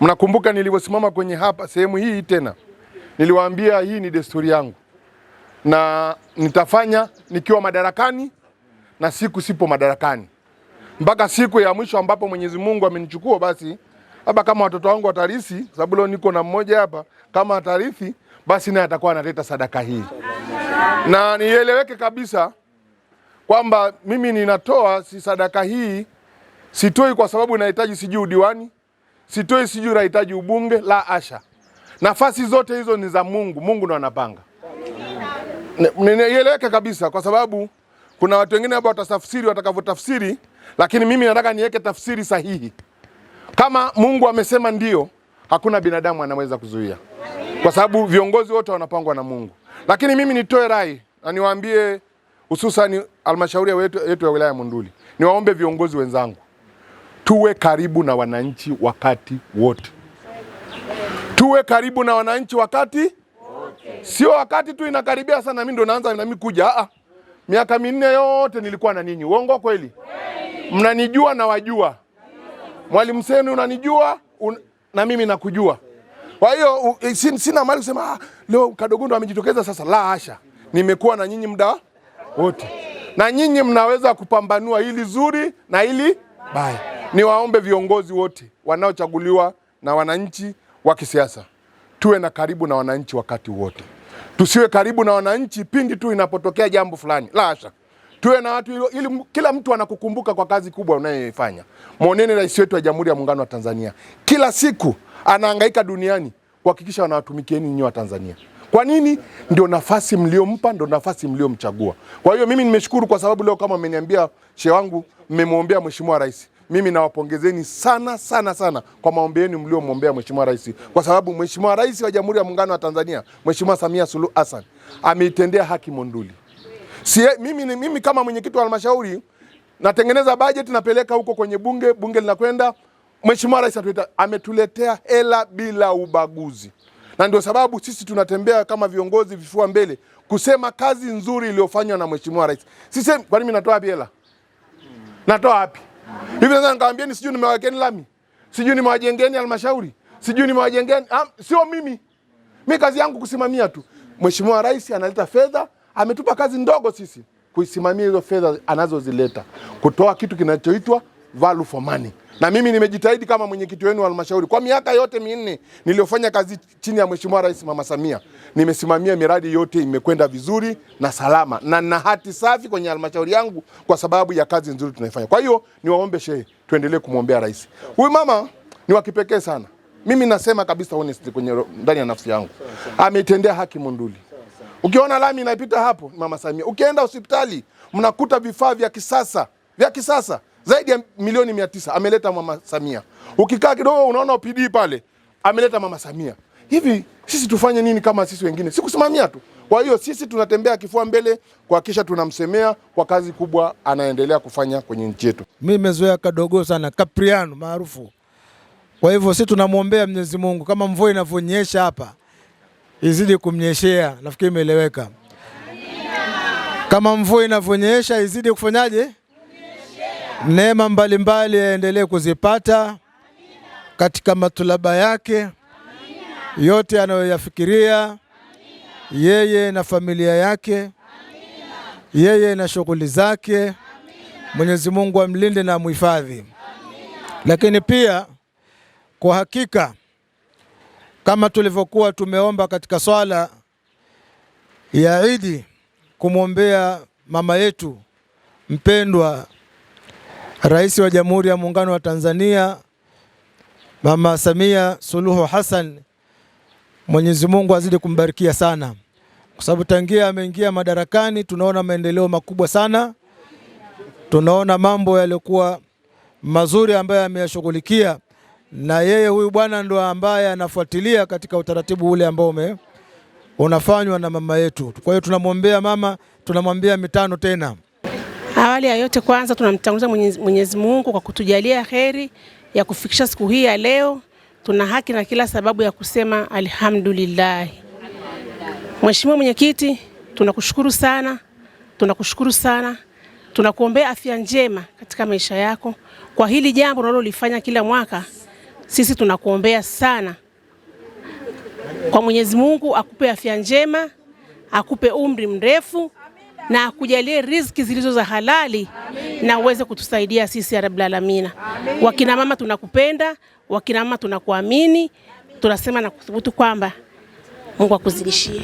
Mnakumbuka nilivyosimama kwenye hapa sehemu hii tena, niliwaambia hii ni desturi yangu na nitafanya nikiwa madarakani na siku sipo madarakani, mpaka siku ya mwisho ambapo Mwenyezi Mungu amenichukua. Basi labda kama watoto wangu watarithi, sababu leo niko na mmoja hapa, kama atarithi, basi naye atakuwa analeta sadaka hii, na nieleweke kabisa kwamba mimi ninatoa si sadaka hii, sitoi kwa sababu nahitaji sijui udiwani sitoi sijui nahitaji ubunge la asha. Nafasi zote hizo ni za Mungu. Mungu ndo anapanga, nieleweke kabisa, kwa sababu kuna watu wengine ambao watatafsiri watakavyotafsiri, lakini mimi nataka niweke tafsiri sahihi. Kama Mungu amesema ndio, hakuna binadamu anaweza kuzuia, kwa sababu viongozi wote wanapangwa na Mungu. Lakini mimi nitoe rai na niwaambie, hususan halmashauri yetu ya wilaya Monduli, niwaombe viongozi wenzangu tuwe karibu na wananchi wakati wote, tuwe karibu na wananchi wakati wote, Sio wakati tu inakaribia sana, mimi ndo naanza nami kuja. Ah, ah, miaka minne yote nilikuwa na ninyi. Uongo kweli? Mnanijua na wajua, mwalimu Seni unanijua un... na mimi nakujua. Kwa hiyo sin, sina mali kusema ah, leo Kadogondo amejitokeza sasa. La hasha, nimekuwa na nyinyi muda wote, na nyinyi mnaweza kupambanua hili zuri na hili baya. Niwaombe viongozi wote wanaochaguliwa na wananchi wa kisiasa, tuwe na karibu na wananchi wakati wote, tusiwe karibu na wananchi pindi tu inapotokea jambo fulani, la hasha. Tuwe na watu ili kila mtu anakukumbuka kwa kazi kubwa unayoifanya. Mwoneni rais wetu wa Jamhuri ya Muungano wa Tanzania, kila siku anahangaika duniani kuhakikisha wanawatumikieni nyinyi wa Tanzania. Kwa nini? Ndio nafasi mliompa, ndio nafasi mliomchagua. Kwa hiyo mimi nimeshukuru kwa sababu leo kama ameniambia shehe wangu, mmemwombea mheshimiwa rais mimi nawapongezeni sana sana sana kwa maombi yenu mliomwombea Mheshimiwa Rais, kwa sababu Mheshimiwa Rais wa Jamhuri ya Muungano wa Tanzania Mheshimiwa Samia Suluhu Hassan ameitendea haki Monduli. Si, mimi, mimi kama mwenyekiti wa halmashauri natengeneza bajeti napeleka huko kwenye bunge, bunge linakwenda. Mheshimiwa Rais ametuletea hela bila ubaguzi, na ndio sababu sisi tunatembea kama viongozi vifua mbele kusema kazi nzuri iliyofanywa na Mheshimiwa Rais. Sisi kwa nini natoa hela? Natoa wapi? Hivi naweza nikawaambieni sijui nimewawekeni lami, sijui nimewajengeni halmashauri, sijui nimewajengeni ah, sio mimi. Mimi kazi yangu kusimamia tu. Mheshimiwa Rais analeta fedha, ametupa kazi ndogo sisi kuisimamia hizo fedha anazozileta, kutoa kitu kinachoitwa value for money. Na mimi nimejitahidi kama mwenyekiti wenu wa halmashauri kwa miaka yote minne niliyofanya kazi chini ya Mheshimiwa Rais Mama Samia, nimesimamia miradi yote imekwenda vizuri na salama, na na hati safi kwenye halmashauri yangu kwa sababu ya kazi nzuri tunaifanya. Kwa hiyo niwaombe shehe, tuendelee kumwombea rais huyu. Mama ni wa kipekee sana, mimi nasema kabisa honestly kwenye ndani ya nafsi yangu, ametendea haki Monduli. Ukiona lami inapita hapo, Mama Samia. Ukienda hospitali mnakuta vifaa vya kisasa vya kisasa zaidi ya milioni mia tisa ameleta mama Samia. Ukikaa kidogo unaona OPD pale ameleta mama Samia. Hivi sisi tufanye nini kama sisi wengine? Si kusimamia tu. Kwa hiyo sisi tunatembea kifua mbele kuhakikisha tunamsemea kwa kazi kubwa anaendelea kufanya kwenye nchi yetu. Mimi nimezoea kadogo sana Capriano maarufu. Kwa hivyo sisi tunamwombea Mwenyezi Mungu kama mvua inavyonyesha hapa izidi kumnyeshea, nafikiri imeeleweka. Kama mvua inavyonyesha izidi kufanyaje? neema mbalimbali yaendelee kuzipata katika matulaba yake yote anayoyafikiria yeye na familia yake yeye na shughuli zake. Mwenyezi Mungu amlinde na amhifadhi. Lakini pia kwa hakika kama tulivyokuwa tumeomba katika swala ya Idi kumwombea mama yetu mpendwa Rais wa Jamhuri ya Muungano wa Tanzania Mama Samia Suluhu Hassan, Mwenyezi Mungu azidi kumbarikia sana, kwa sababu tangia ameingia madarakani tunaona maendeleo makubwa sana, tunaona mambo yaliyokuwa mazuri ambayo ameyashughulikia, na yeye huyu bwana ndo ambaye anafuatilia katika utaratibu ule ambao unafanywa na mama yetu. Kwa hiyo tunamwombea mama, tunamwambia mitano tena Awali ya yote kwanza tunamtanguliza Mwenyezi Mungu kwa kutujalia heri ya kufikisha siku hii ya leo. Tuna haki na kila sababu ya kusema alhamdulillah. Mheshimiwa Mwenyekiti, tunakushukuru sana, tunakushukuru sana, tunakuombea afya njema katika maisha yako. Kwa hili jambo unalolifanya kila mwaka, sisi tunakuombea sana kwa Mwenyezi Mungu akupe afya njema, akupe umri mrefu na akujalie riziki zilizo za halali Amin. na uweze kutusaidia sisi ya Rabbul Alamina. Wakina mama tunakupenda, wakina mama tunakuamini, tunasema na kuthubutu kwamba Mungu akuzidishie.